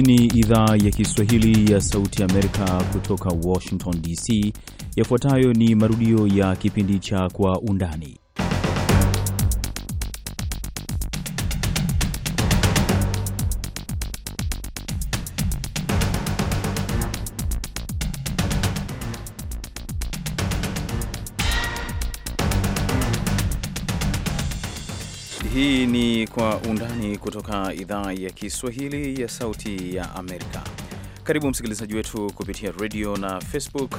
Hii ni idhaa ya Kiswahili ya Sauti Amerika kutoka Washington DC. Yafuatayo ni marudio ya kipindi cha Kwa Undani. Kwa Undani kutoka idhaa ya Kiswahili ya Sauti ya Amerika. Karibu msikilizaji wetu kupitia radio na Facebook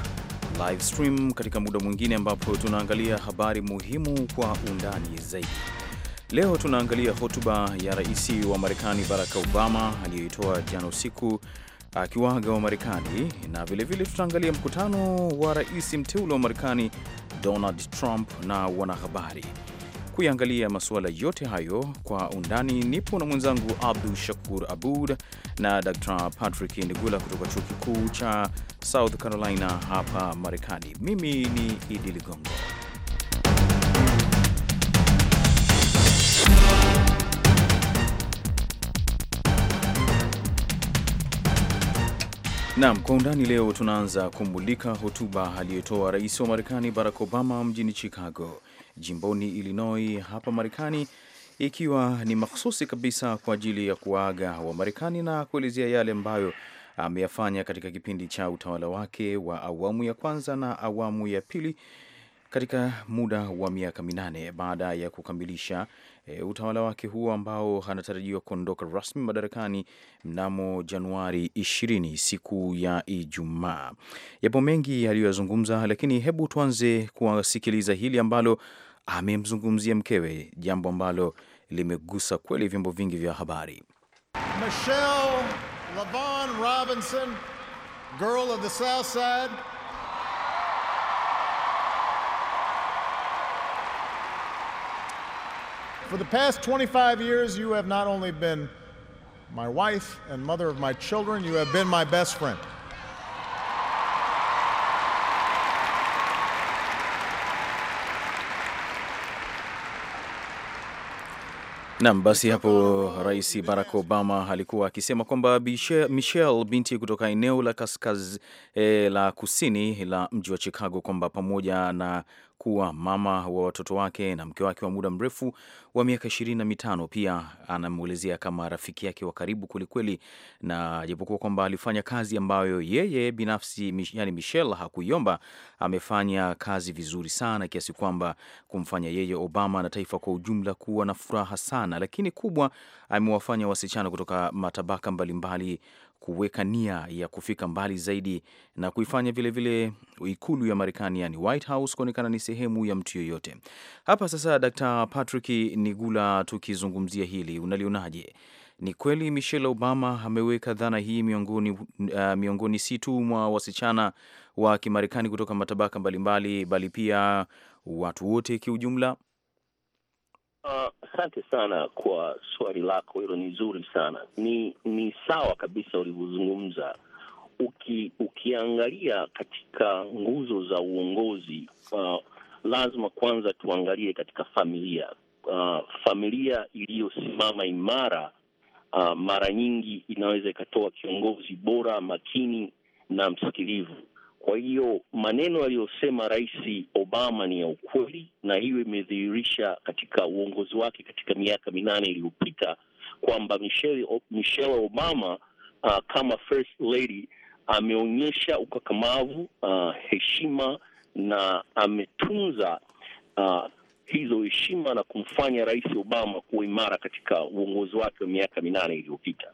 live stream katika muda mwingine ambapo tunaangalia habari muhimu kwa undani zaidi. Leo tunaangalia hotuba ya rais wa Marekani Barack Obama aliyoitoa jana usiku akiwaga wa Marekani, na vilevile tutaangalia mkutano wa rais mteule wa Marekani Donald Trump na wanahabari kuiangalia masuala yote hayo kwa undani, nipo na mwenzangu Abdu Shakur Abud na Dr Patrick Nigula kutoka chuo kikuu cha South Carolina hapa Marekani. Mimi ni Idi Ligongo. Naam, kwa undani leo tunaanza kumulika hotuba aliyotoa rais wa Marekani Barack Obama mjini Chicago jimboni Illinois hapa Marekani, ikiwa ni makhususi kabisa kwa ajili ya kuwaaga marekani na kuelezea yale ambayo ameyafanya katika kipindi cha utawala wake wa awamu ya kwanza na awamu ya pili katika muda wa miaka minane baada ya kukamilisha e, utawala wake huo ambao anatarajiwa kuondoka rasmi madarakani mnamo Januari 20 siku ya Ijumaa. Yapo mengi aliyoyazungumza, lakini hebu tuanze kuwasikiliza hili ambalo amemzungumzia mkewe, jambo ambalo limegusa kweli vyombo vingi vya habari. Michelle LaVon Robinson, girl of the South Side For the past 25 years, you have not only been my wife and mother of my children, you have been my best friend. Nam, basi hapo Rais Barack Obama alikuwa akisema kwamba Michelle binti kutoka eneo la kaskaz, eh, la kusini la mji wa Chicago kwamba pamoja na kuwa mama wa watoto wake na mke wake wa muda mrefu wa miaka ishirini na mitano. Pia anamwelezea kama rafiki yake wa karibu kwelikweli, na japokuwa kwamba alifanya kazi ambayo yeye binafsi, yani Michelle hakuiomba, amefanya kazi vizuri sana kiasi kwamba kumfanya yeye, Obama na taifa kwa ujumla kuwa na furaha sana, lakini kubwa amewafanya wasichana kutoka matabaka mbalimbali mbali kuweka nia ya kufika mbali zaidi na kuifanya vilevile vile ikulu ya Marekani yani White House kuonekana ni sehemu ya mtu yoyote. Hapa sasa, Dr. Patrick Nigula, tukizungumzia hili unalionaje? Ni kweli Michelle Obama ameweka dhana hii miongoni, uh, miongoni si tu mwa wasichana wa Kimarekani kutoka matabaka mbalimbali, bali pia watu wote kiujumla. Uh, asante sana kwa swali lako hilo, ni zuri sana. Ni ni sawa kabisa ulivyozungumza. Uki, ukiangalia katika nguzo za uongozi uh, lazima kwanza tuangalie katika familia uh, familia iliyosimama imara uh, mara nyingi inaweza ikatoa kiongozi bora, makini na msikilivu. Kwa hiyo maneno aliyosema Rais Obama ni ya ukweli, na hiyo imedhihirisha katika uongozi wake katika miaka minane iliyopita kwamba Michelle, Michelle Obama uh, kama first lady ameonyesha ukakamavu, uh, heshima na ametunza uh, hizo heshima na kumfanya Rais Obama kuwa imara katika uongozi wake wa miaka minane iliyopita.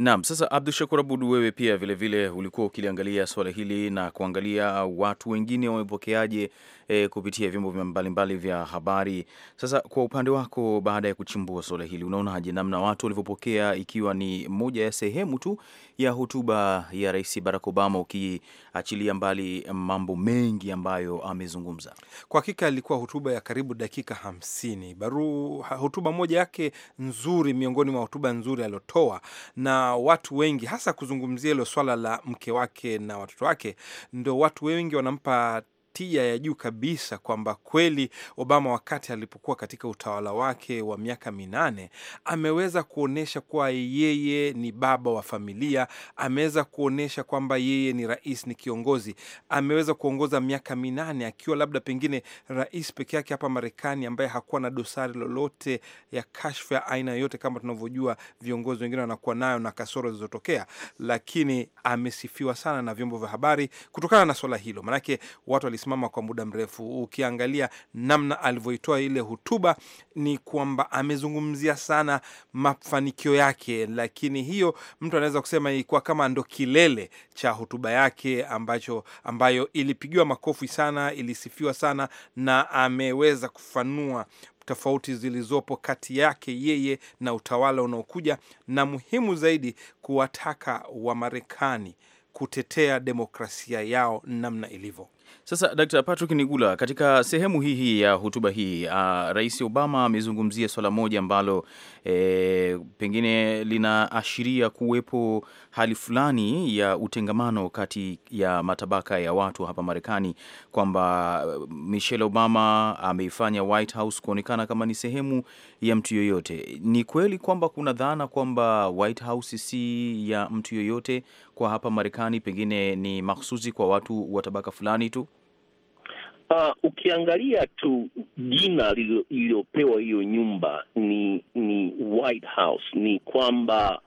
Naam, sasa Abdu Shakur Abud, wewe pia vilevile vile ulikuwa ukiliangalia suala hili na kuangalia watu wengine wamepokeaje e, kupitia vyombo mbalimbali vya habari. Sasa kwa upande wako, baada ya kuchimbua suala hili, unaonaje namna watu walivyopokea, ikiwa ni moja ya sehemu tu ya hotuba ya Rais Barack Obama, ukiachilia mbali mambo mengi ambayo amezungumza? Kwa hakika ilikuwa hotuba ya karibu dakika hamsini. Baru hotuba moja yake nzuri, miongoni mwa hotuba nzuri aliotoa na watu wengi hasa kuzungumzia hilo swala la mke wake na watoto wake, ndo watu wengi wanampa hatia ya juu kabisa kwamba kweli Obama wakati alipokuwa katika utawala wake wa miaka minane ameweza kuonyesha kuwa yeye ni baba wa familia, ameweza kuonyesha kwamba yeye ni rais, ni kiongozi. Ameweza kuongoza miaka minane akiwa labda pengine rais peke yake hapa Marekani, ambaye hakuwa na dosari lolote ya kashfa ya aina yoyote, kama tunavyojua viongozi wengine wanakuwa nayo na kasoro zilizotokea, lakini amesifiwa sana na vyombo vya habari kutokana na swala hilo, maanake watu walisema amesimama kwa muda mrefu. Ukiangalia namna alivyoitoa ile hotuba, ni kwamba amezungumzia sana mafanikio yake, lakini hiyo mtu anaweza kusema ilikuwa kama ndo kilele cha hotuba yake ambacho, ambayo ilipigiwa makofi sana, ilisifiwa sana, na ameweza kufanua tofauti zilizopo kati yake yeye na utawala unaokuja, na muhimu zaidi kuwataka Wamarekani kutetea demokrasia yao namna ilivyo. Sasa Dr. Patrick Nigula, katika sehemu hii hii ya hotuba hii uh, Rais Obama amezungumzia swala moja ambalo e, pengine linaashiria kuwepo hali fulani ya utengamano kati ya matabaka ya watu hapa Marekani, kwamba eh, Michelle Obama ameifanya White House kuonekana kama ni sehemu ya mtu yoyote. Ni kweli kwamba kuna dhana kwamba White House si ya mtu yoyote kwa hapa Marekani, pengine ni mahsusi kwa watu wa tabaka fulani tu Uh, ukiangalia tu jina lililopewa hiyo nyumba ni ni White House, ni kwamba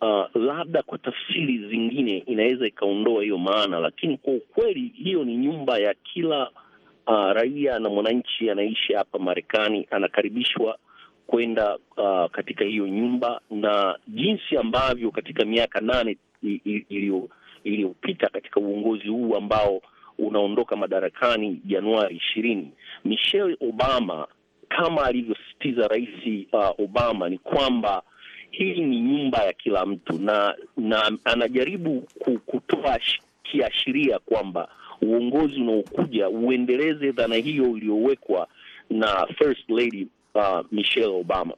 uh, labda kwa tafsiri zingine inaweza ikaondoa hiyo maana, lakini kwa ukweli hiyo ni nyumba ya kila uh, raia na mwananchi anaishi hapa Marekani, anakaribishwa kwenda uh, katika hiyo nyumba, na jinsi ambavyo katika miaka nane iliyopita katika uongozi huu ambao unaondoka madarakani Januari ishirini. Michelle Obama kama alivyosisitiza Rais uh, Obama ni kwamba hii ni nyumba ya kila mtu, na na anajaribu kutoa kiashiria kwamba uongozi unaokuja uendeleze dhana hiyo iliyowekwa na First Lady uh, Michelle Obama.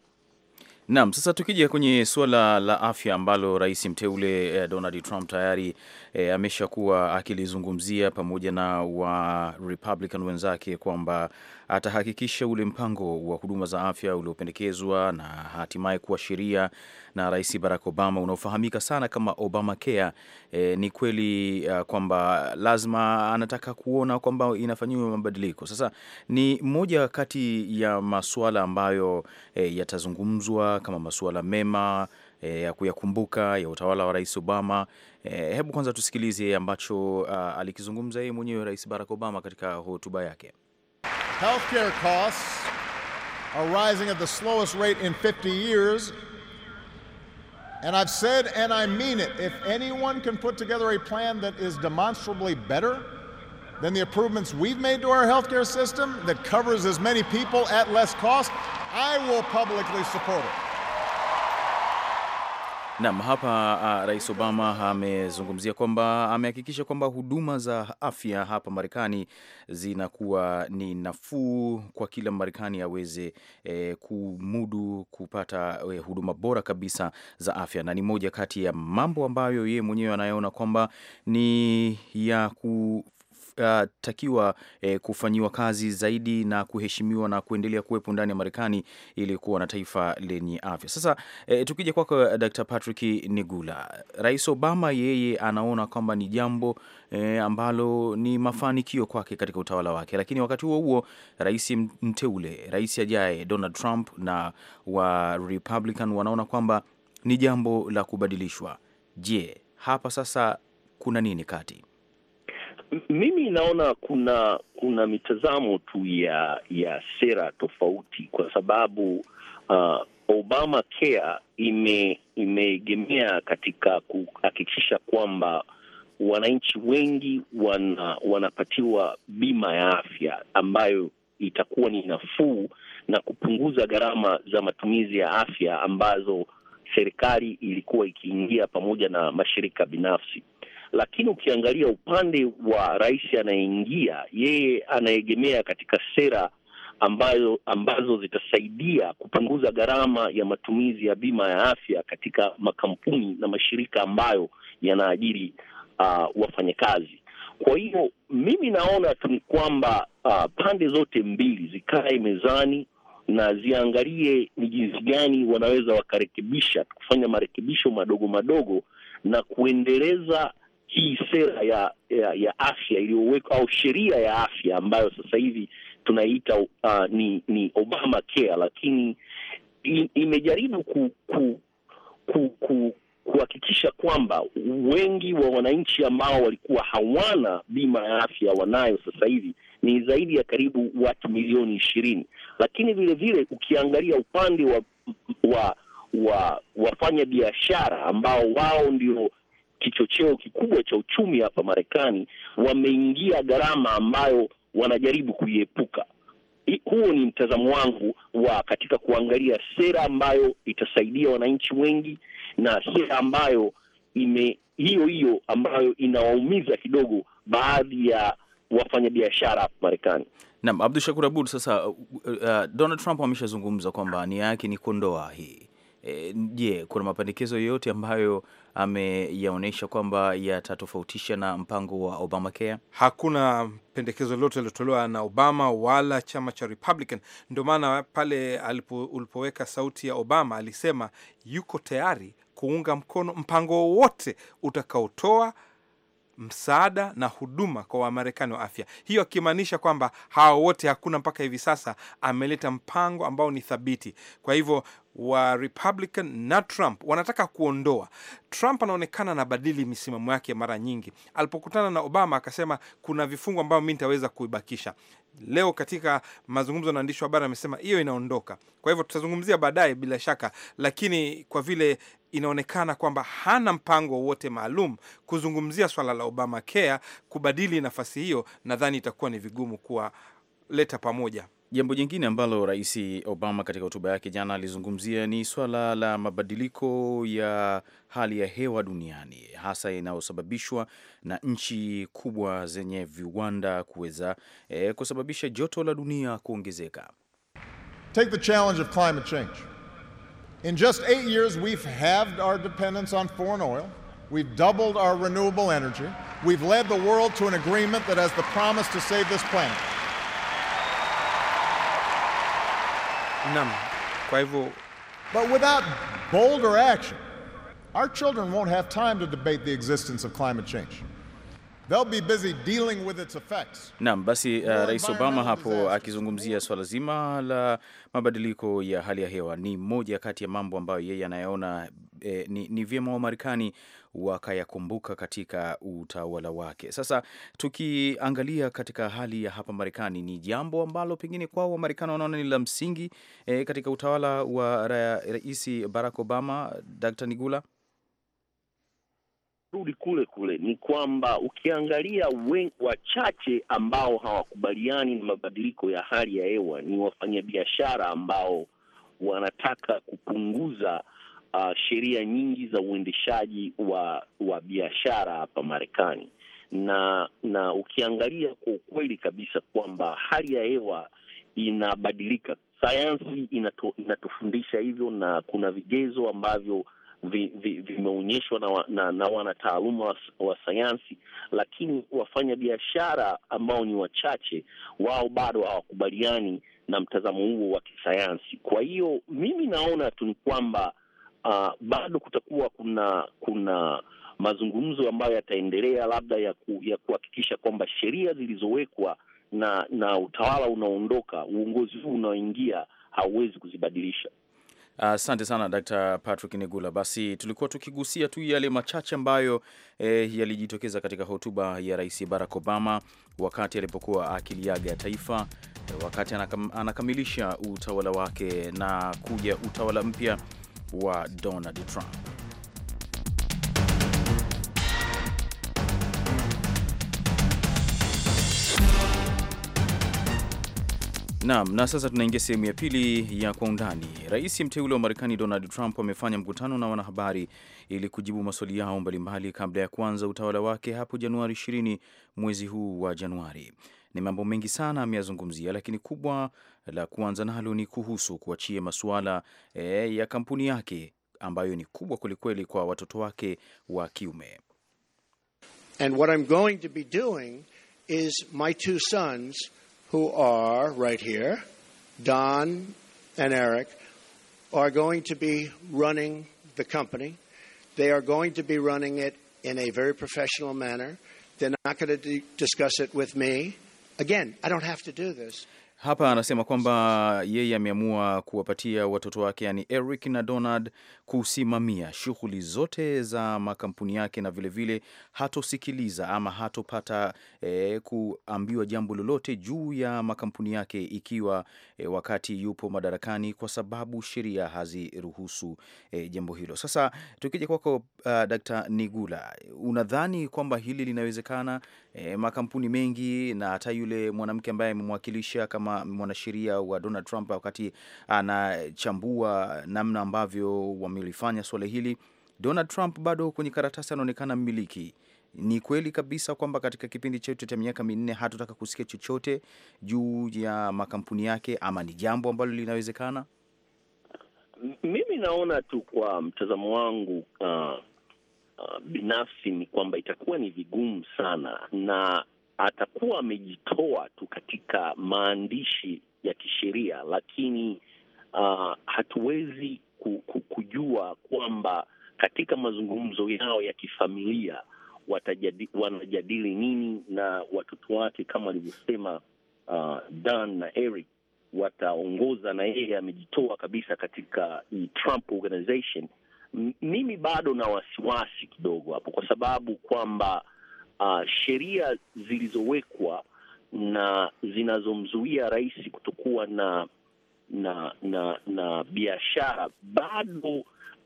Naam, sasa tukija kwenye suala la afya ambalo rais mteule eh, Donald Trump tayari eh, ameshakuwa akilizungumzia pamoja na wa Republican wenzake kwamba atahakikisha ule mpango wa huduma za afya uliopendekezwa na hatimaye kuwa sheria na Rais Barack Obama unaofahamika sana kama Obamacare. E, ni kweli uh, kwamba lazima anataka kuona kwamba inafanyiwa mabadiliko. Sasa ni moja kati ya masuala ambayo e, yatazungumzwa kama masuala mema e, ya kuyakumbuka ya utawala wa Rais Obama. E, hebu kwanza tusikilize ambacho uh, alikizungumza yeye mwenyewe Rais Barack Obama katika hotuba yake. Healthcare costs are rising at the slowest rate in 50 years. And I've said, and I mean it, if anyone can put together a plan that is demonstrably better than the improvements we've made to our healthcare system that covers as many people at less cost, I will publicly support it. Naam, hapa uh, Rais Obama amezungumzia kwamba amehakikisha kwamba huduma za afya hapa Marekani zinakuwa ni nafuu kwa kila Marekani aweze eh, kumudu kupata eh, huduma bora kabisa za afya, na ni moja kati ya mambo ambayo yeye mwenyewe anayaona kwamba ni ya ku takiwa eh, kufanyiwa kazi zaidi na kuheshimiwa na kuendelea kuwepo ndani ya Marekani ili kuwa na taifa lenye afya. Sasa eh, tukija kwako Dr. Patrick Nigula, Rais Obama yeye anaona kwamba ni jambo eh, ambalo ni mafanikio kwake katika utawala wake, lakini wakati huo huo rais mteule, rais ajaye Donald Trump na wa Republican wanaona kwamba ni jambo la kubadilishwa. Je, hapa sasa kuna nini kati? Mimi naona kuna kuna mitazamo tu ya ya sera tofauti, kwa sababu uh, Obama Care ime imeegemea katika kuhakikisha kwamba wananchi wengi wana, wanapatiwa bima ya afya ambayo itakuwa ni nafuu na kupunguza gharama za matumizi ya afya ambazo serikali ilikuwa ikiingia pamoja na mashirika binafsi lakini ukiangalia upande wa rais anayeingia, yeye anaegemea katika sera ambazo, ambazo zitasaidia kupunguza gharama ya matumizi ya bima ya afya katika makampuni na mashirika ambayo yanaajiri uh, wafanyakazi. Kwa hiyo mimi naona tu ni kwamba uh, pande zote mbili zikae mezani na ziangalie ni jinsi gani wanaweza wakarekebisha, kufanya marekebisho madogo madogo na kuendeleza hii sera ya ya, ya afya iliyowekwa au sheria ya afya ambayo sasa hivi tunaita uh, ni ni Obama Care, lakini imejaribu ku, ku, ku, ku kuhakikisha kwamba wengi wa wananchi ambao walikuwa hawana bima ya afya wanayo sasa hivi ni zaidi ya karibu watu milioni ishirini. Lakini vile vile ukiangalia upande wa wa, wa wafanya biashara ambao wao ndio kichocheo kikubwa cha uchumi hapa Marekani, wameingia gharama ambayo wanajaribu kuiepuka. Huo ni mtazamo wangu wa katika kuangalia sera ambayo itasaidia wananchi wengi na sera ambayo ime hiyo hiyo ambayo inawaumiza kidogo baadhi ya wafanyabiashara hapa Marekani. Naam, Abdu Shakur Abud, sasa uh, uh Donald Trump ameshazungumza kwamba nia yake ni kondoa hii Eh, je, kuna mapendekezo yoyote ambayo ameyaonyesha kwamba yatatofautisha na mpango wa Obamacare? Hakuna pendekezo lolote lilotolewa na Obama wala chama cha Republican. Ndio maana pale alipo, ulipoweka sauti ya Obama alisema yuko tayari kuunga mkono mpango wowote utakaotoa msaada na huduma kwa Wamarekani wa afya, hiyo akimaanisha kwamba hawa wote, hakuna mpaka hivi sasa ameleta mpango ambao ni thabiti. Kwa hivyo wa Republican na Trump wanataka kuondoa. Trump anaonekana anabadili misimamo yake mara nyingi. Alipokutana na Obama akasema kuna vifungu ambavyo mi nitaweza kuibakisha. Leo katika mazungumzo na waandishi wa habari amesema hiyo inaondoka. Kwa hivyo tutazungumzia baadaye bila shaka, lakini kwa vile inaonekana kwamba hana mpango wowote maalum kuzungumzia swala la Obamacare, kubadili nafasi hiyo, nadhani itakuwa ni vigumu kuwaleta pamoja. Jambo jingine ambalo Rais Obama katika hotuba yake jana alizungumzia ni swala la mabadiliko ya hali ya hewa duniani, hasa inayosababishwa na nchi kubwa zenye viwanda kuweza e, kusababisha joto la dunia kuongezeka. Take the challenge of climate change. In just eight years we've halved our dependence on foreign oil. We've doubled our renewable energy. We've led the world to an agreement that has the promise to save this planet. Naam, kwa hivyo But without bolder action, our children won't have time to debate the existence of climate change. They'll be busy dealing with its effects. Naam, basi uh, Rais Obama hapo akizungumzia swala zima la mabadiliko ya hali ya hewa ni moja kati ya mambo ambayo yeye anayaona eh, ni, ni vyema wa Marekani wakayakumbuka katika utawala wake. Sasa tukiangalia katika hali ya hapa Marekani, ni jambo ambalo pengine kwao Wamarekani wanaona ni la msingi e, katika utawala wa Rais Barack Obama. Dr. Nigula, rudi kule kule, ni kwamba ukiangalia wachache ambao hawakubaliani na mabadiliko ya hali ya hewa ni wafanyabiashara ambao wanataka kupunguza uh, sheria nyingi za uendeshaji wa wa biashara hapa Marekani, na na ukiangalia kwa ukweli kabisa kwamba hali ya hewa inabadilika, sayansi inato, inatufundisha hivyo, na kuna vigezo ambavyo vimeonyeshwa vi, vi na, wa, na, na wanataaluma wa, wa sayansi, lakini wafanya biashara ambao ni wachache wao bado hawakubaliani na mtazamo huo wa kisayansi. Kwa hiyo mimi naona tu ni kwamba uh, bado kutakuwa kuna kuna mazungumzo ambayo yataendelea labda ya, ku, ya kuhakikisha kwamba sheria zilizowekwa na na utawala unaoondoka, uongozi huu unaoingia hauwezi kuzibadilisha. Asante uh, sana Dr. Patrick Negula. Basi tulikuwa tukigusia tu yale machache ambayo eh, yalijitokeza katika hotuba ya Rais Barack Obama wakati alipokuwa akiliaga ya taifa eh, wakati anakam, anakamilisha utawala wake na kuja utawala mpya wa Donald Trump. Naam, na sasa tunaingia sehemu ya pili ya kwa undani. Rais mteule wa Marekani Donald Trump amefanya mkutano na wanahabari ili kujibu maswali yao mbalimbali kabla ya kuanza utawala wake hapo Januari 20 mwezi huu wa Januari. Ni mambo mengi sana ameyazungumzia, lakini kubwa la kuanza nalo ni kuhusu kuachia masuala e, eh, ya kampuni yake ambayo ni kubwa kwelikweli kwa watoto wake wa kiume. And what I'm going to be doing is my two sons who are right here, Don and Eric, are going to be running the company. They are going to be running it in a very professional manner. They're not going to discuss it with me. Again, I don't have to do this. Hapa anasema kwamba yeye ameamua kuwapatia watoto wake yani Eric na Donald kusimamia shughuli zote za makampuni yake, na vilevile hatosikiliza ama hatopata e, kuambiwa jambo lolote juu ya makampuni yake ikiwa e, wakati yupo madarakani, kwa sababu sheria haziruhusu e, jambo hilo. Sasa tukija kwako, uh, Dr. Nigula, unadhani kwamba hili linawezekana? E, makampuni mengi na hata yule mwanamke ambaye amemwakilisha kama kama mwanasheria wa Donald Trump wakati anachambua namna ambavyo wamelifanya suala hili, Donald Trump bado kwenye karatasi anaonekana mmiliki. Ni kweli kabisa kwamba katika kipindi chetu cha miaka minne hatutaka kusikia chochote juu ya makampuni yake, ama ni jambo ambalo linawezekana? Mimi naona tu kwa mtazamo wangu uh, uh, binafsi ni kwamba itakuwa ni vigumu sana na atakuwa amejitoa tu katika maandishi ya kisheria, lakini uh, hatuwezi kujua kwamba katika mazungumzo yao ya kifamilia wanajadili nini na watoto wake kama alivyosema uh, Dan na Eric wataongoza na yeye amejitoa kabisa katika Trump Organization. M mimi bado na wasiwasi kidogo hapo, kwa sababu kwamba uh, sheria zilizowekwa na zinazomzuia rais kutokuwa na na na na biashara bado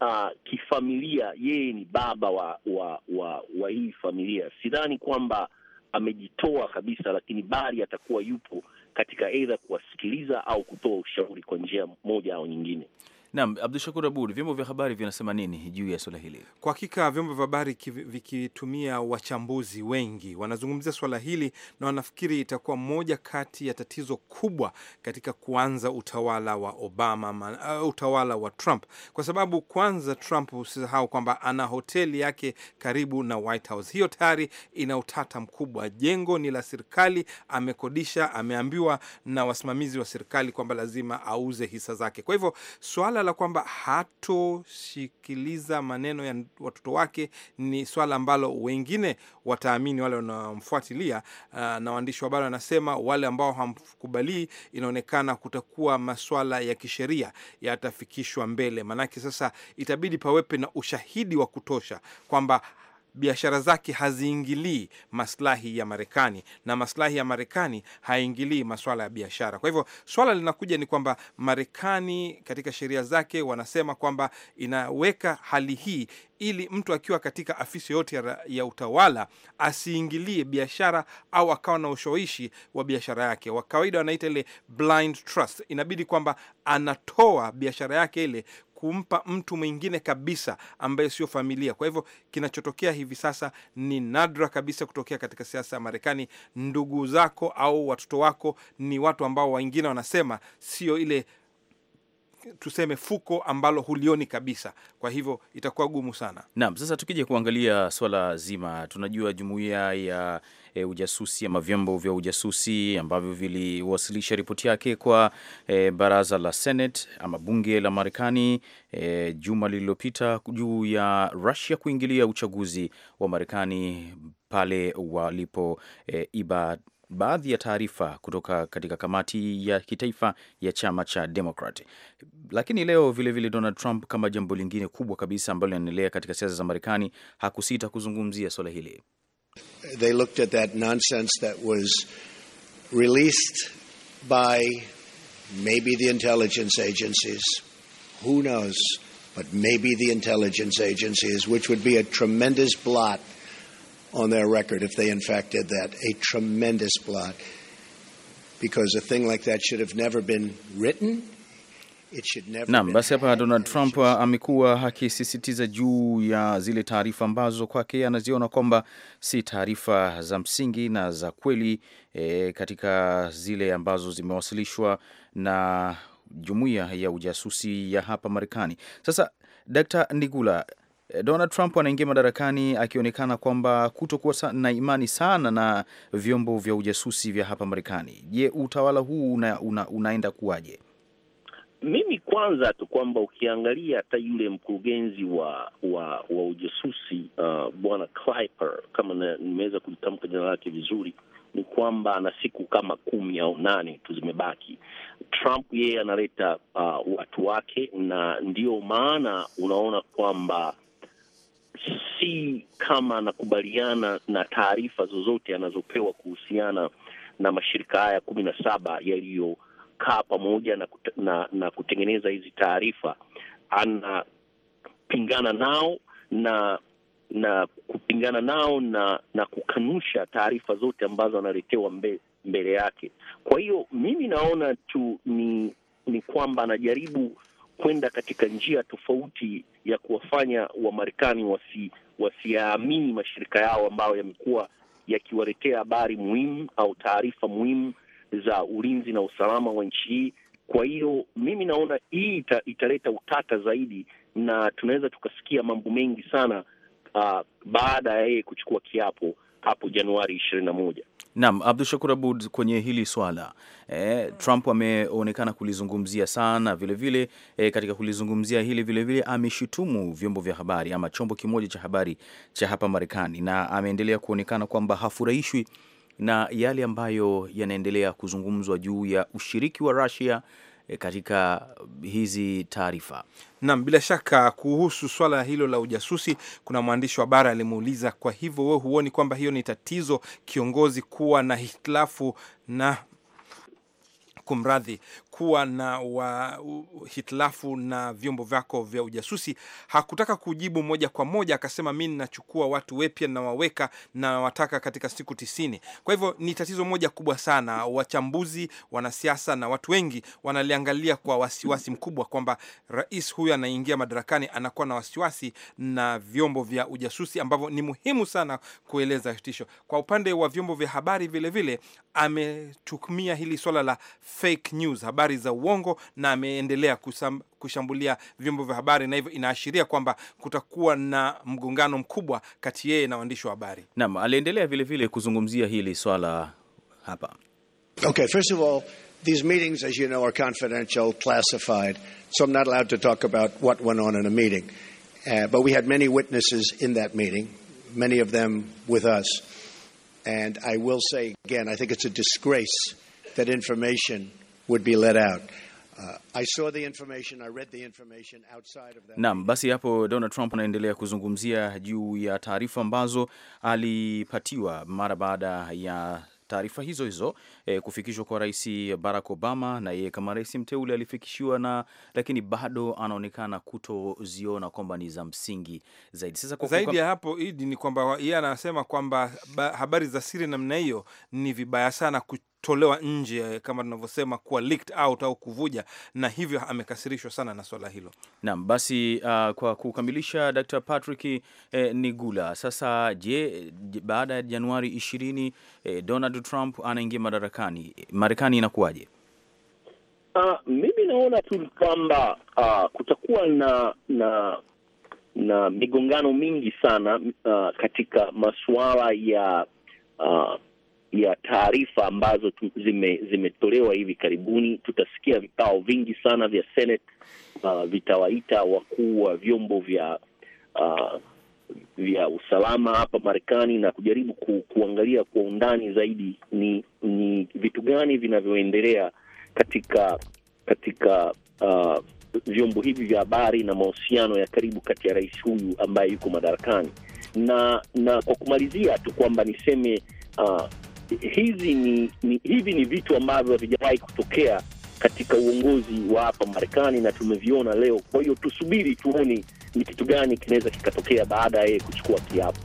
uh, kifamilia, yeye ni baba wa wa wa, wa hii familia. Sidhani kwamba amejitoa kabisa, lakini bari atakuwa yupo katika eidha kuwasikiliza au kutoa ushauri kwa njia moja au nyingine. Naam, Abdushakur Abud, vyombo vya habari vinasema nini juu ya swala hili? Kwa hakika vyombo vya habari vikitumia wachambuzi wengi wanazungumzia swala hili na wanafikiri itakuwa moja kati ya tatizo kubwa katika kuanza utawala wa Obama man, uh, utawala wa Trump, kwa sababu kwanza Trump usisahau kwamba ana hoteli yake karibu na White House. Hiyo tayari ina utata mkubwa. Jengo ni la serikali, amekodisha, ameambiwa na wasimamizi wa serikali kwamba lazima auze hisa zake. Kwa hivyo swala swala la kwamba hatoshikiliza maneno ya watoto wake ni swala ambalo wengine wataamini wale wanaomfuatilia uh, na waandishi wa habari wanasema wale ambao hamkubalii, inaonekana kutakuwa maswala ya kisheria yatafikishwa mbele, maanake sasa itabidi pawepe na ushahidi wa kutosha kwamba biashara zake haziingilii maslahi ya Marekani na maslahi ya Marekani haingilii maswala ya biashara. Kwa hivyo swala linakuja ni kwamba Marekani katika sheria zake wanasema kwamba inaweka hali hii ili mtu akiwa katika afisi yoyote ya, utawala asiingilie biashara au akawa na ushawishi wa biashara yake. Wa kawaida wanaita ile blind trust, inabidi kwamba anatoa biashara yake ile kumpa mtu mwingine kabisa ambaye sio familia. Kwa hivyo kinachotokea hivi sasa ni nadra kabisa kutokea katika siasa ya Marekani. Ndugu zako au watoto wako ni watu ambao wengine wanasema sio ile tuseme fuko ambalo hulioni kabisa. Kwa hivyo itakuwa gumu sana. Naam, sasa tukija kuangalia swala zima, tunajua jumuiya ya e, ujasusi ama vyombo vya ujasusi ambavyo viliwasilisha ripoti yake kwa e, baraza la Senate ama bunge la Marekani e, juma lililopita juu ya Russia kuingilia uchaguzi wa Marekani pale walipo e, iba baadhi ya taarifa kutoka katika kamati ya kitaifa ya chama cha demokrat Lakini leo vilevile vile Donald Trump, kama jambo lingine kubwa kabisa ambalo linaendelea katika siasa za Marekani, hakusita kuzungumzia swala hili. They looked at that nonsense that was released by maybe the intelligence agencies. Who knows? But maybe the intelligence agencies, which would be a tremendous blot on their record if they in fact did that. A tremendous blot. Because a thing like that should have never been written. Naam, basi hapa Donald Trump uh, amekuwa akisisitiza juu ya zile taarifa ambazo kwake anaziona kwamba si taarifa za msingi na za kweli e, katika zile ambazo zimewasilishwa na jumuiya ya ujasusi ya hapa Marekani. Sasa Dkt. Nigula Donald Trump anaingia madarakani akionekana kwamba kutokuwa na imani sana na vyombo vya ujasusi vya hapa Marekani. Je, utawala huu una, una, unaenda kuwaje? Mimi kwanza tu kwamba ukiangalia hata yule mkurugenzi wa wa wa ujasusi uh, bwana Clapper, kama nimeweza kulitamka jina lake vizuri, ni kwamba ana siku kama kumi au nane tu zimebaki. Trump yeye analeta uh, watu wake, na ndiyo maana unaona kwamba si kama anakubaliana na taarifa zozote anazopewa kuhusiana na mashirika haya kumi na saba yaliyokaa pamoja na, kut- na, na kutengeneza hizi taarifa. Anapingana nao na na kupingana nao na na kukanusha taarifa zote ambazo analetewa mbe, mbele yake. Kwa hiyo mimi naona tu ni ni kwamba anajaribu kwenda katika njia tofauti ya kuwafanya Wamarekani wasi wasiyaamini mashirika yao ambayo yamekuwa yakiwaletea habari muhimu au taarifa muhimu za ulinzi na usalama wa nchi hii. Kwa hiyo mimi naona hii ita, italeta utata zaidi na tunaweza tukasikia mambo mengi sana uh, baada ya yeye kuchukua kiapo hapo Januari ishirini na moja. Naam, Abdu Shakur Abud, kwenye hili swala e, Trump ameonekana kulizungumzia sana vilevile vile, e, katika kulizungumzia hili vilevile ameshutumu vyombo vya habari ama chombo kimoja cha habari cha hapa Marekani, na ameendelea kuonekana kwamba hafurahishwi na yale ambayo yanaendelea kuzungumzwa juu ya ushiriki wa Russia Eh, katika hizi taarifa? Naam, bila shaka kuhusu swala hilo la ujasusi, kuna mwandishi wa bara alimuuliza, kwa hivyo wewe huoni kwamba hiyo ni tatizo, kiongozi kuwa na hitilafu na kumradhi, kuwa na wa hitilafu na vyombo vyako vya ujasusi. Hakutaka kujibu moja kwa moja, akasema mi ninachukua watu wepya nawaweka na wataka katika siku tisini. Kwa hivyo ni tatizo moja kubwa sana. Wachambuzi, wanasiasa na watu wengi wanaliangalia kwa wasiwasi mkubwa kwamba rais huyu anaingia madarakani anakuwa na wasiwasi na vyombo vya ujasusi ambavyo ni muhimu sana kueleza tisho. Kwa upande wa vyombo vya habari vilevile ametukumia hili swala la fake news, habari habari za uongo na ameendelea kushambulia vyombo vya habari, na hivyo inaashiria kwamba kutakuwa na mgongano mkubwa kati yeye na waandishi wa habari. Naam, aliendelea vilevile kuzungumzia hili swala hapa. Okay, first of all These meetings, as you know, are confidential, classified, so I'm not allowed to talk about what went on in a meeting. Uh, but we had many witnesses in that meeting, many of them with us. And I will say again, I think it's a disgrace that information would be let out. Uh, Naam, basi hapo Donald Trump anaendelea kuzungumzia juu ya taarifa ambazo alipatiwa mara baada ya taarifa hizo hizo eh, kufikishwa kwa Rais Barack Obama, na yeye kama rais mteule alifikishiwa na, lakini bado anaonekana kutoziona kwamba ni za msingi zaidi. Sasa kwa zaidi ya hapo idi ni kwamba yeye anasema kwamba habari za siri namna hiyo ni vibaya sana tolewa nje kama tunavyosema kuwa leaked out au kuvuja, na hivyo amekasirishwa sana na swala hilo. Naam, basi uh, kwa kukamilisha Dr. Patrick eh, Nigula. Sasa je, baada ya Januari ishirini eh, Donald Trump anaingia madaraka Marekani, Marekani inakuwaje? Uh, mimi naona tu kwamba uh, kutakuwa na na na migongano mingi sana uh, katika masuala ya uh, ya taarifa ambazo zime, zimetolewa hivi karibuni. Tutasikia vikao vingi sana vya Senate uh, vitawaita wakuu wa vyombo vya uh, vya usalama hapa Marekani na kujaribu ku, kuangalia kwa undani zaidi ni ni vitu gani vinavyoendelea katika katika uh, vyombo hivi vya habari na mahusiano ya karibu kati ya rais huyu ambaye yuko madarakani, na na kwa kumalizia tu kwamba niseme uh, hizi ni, ni hivi ni vitu ambavyo havijawahi kutokea katika uongozi wa hapa Marekani na tumeviona leo. Kwa hiyo tusubiri tuone ni kitu gani kinaweza kikatokea baada ya yeye kuchukua kiapo.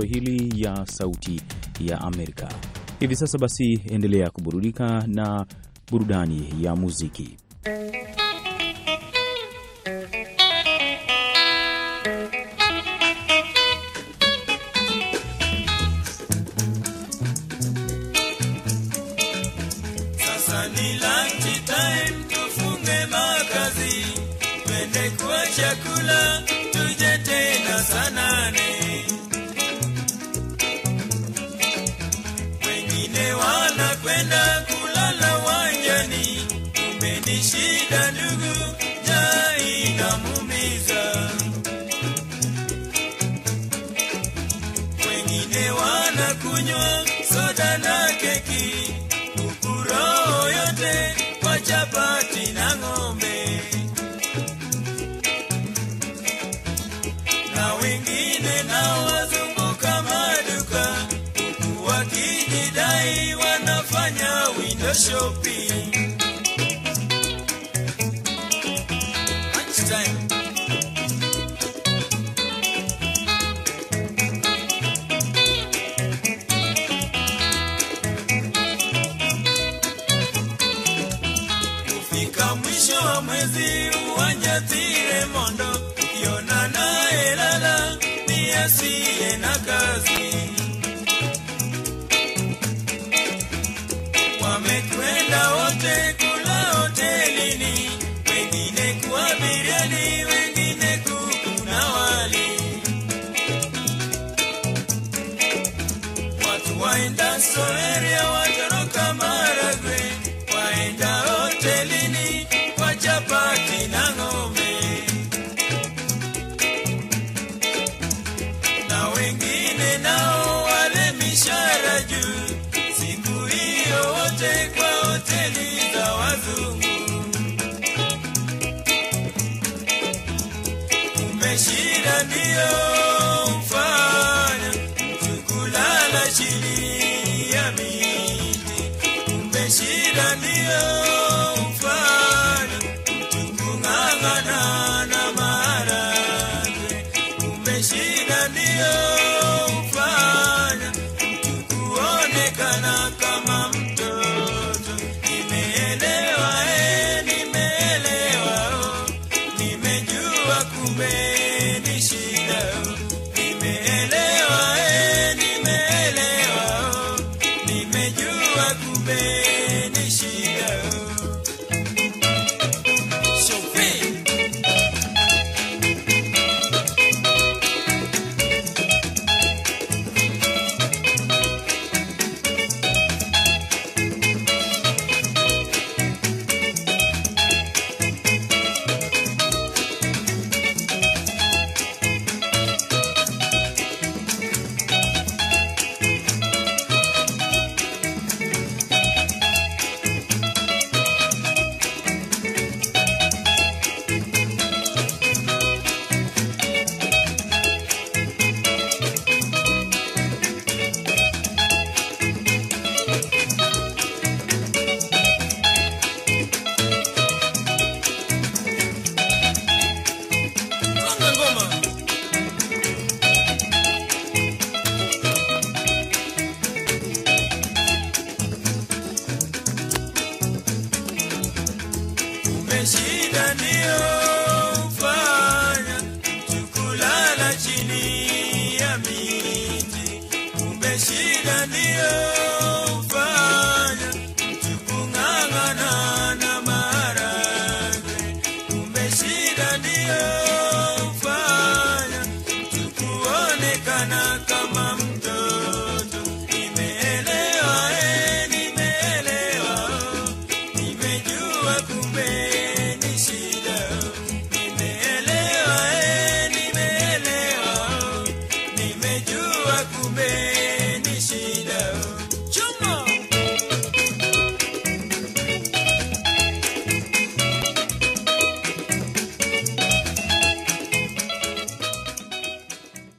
Kiswahili ya Sauti ya Amerika. Hivi sasa basi, endelea kuburudika na burudani ya muziki. Yonana elala Kufika mwisho wa mwezi ni asiye na kazi. you.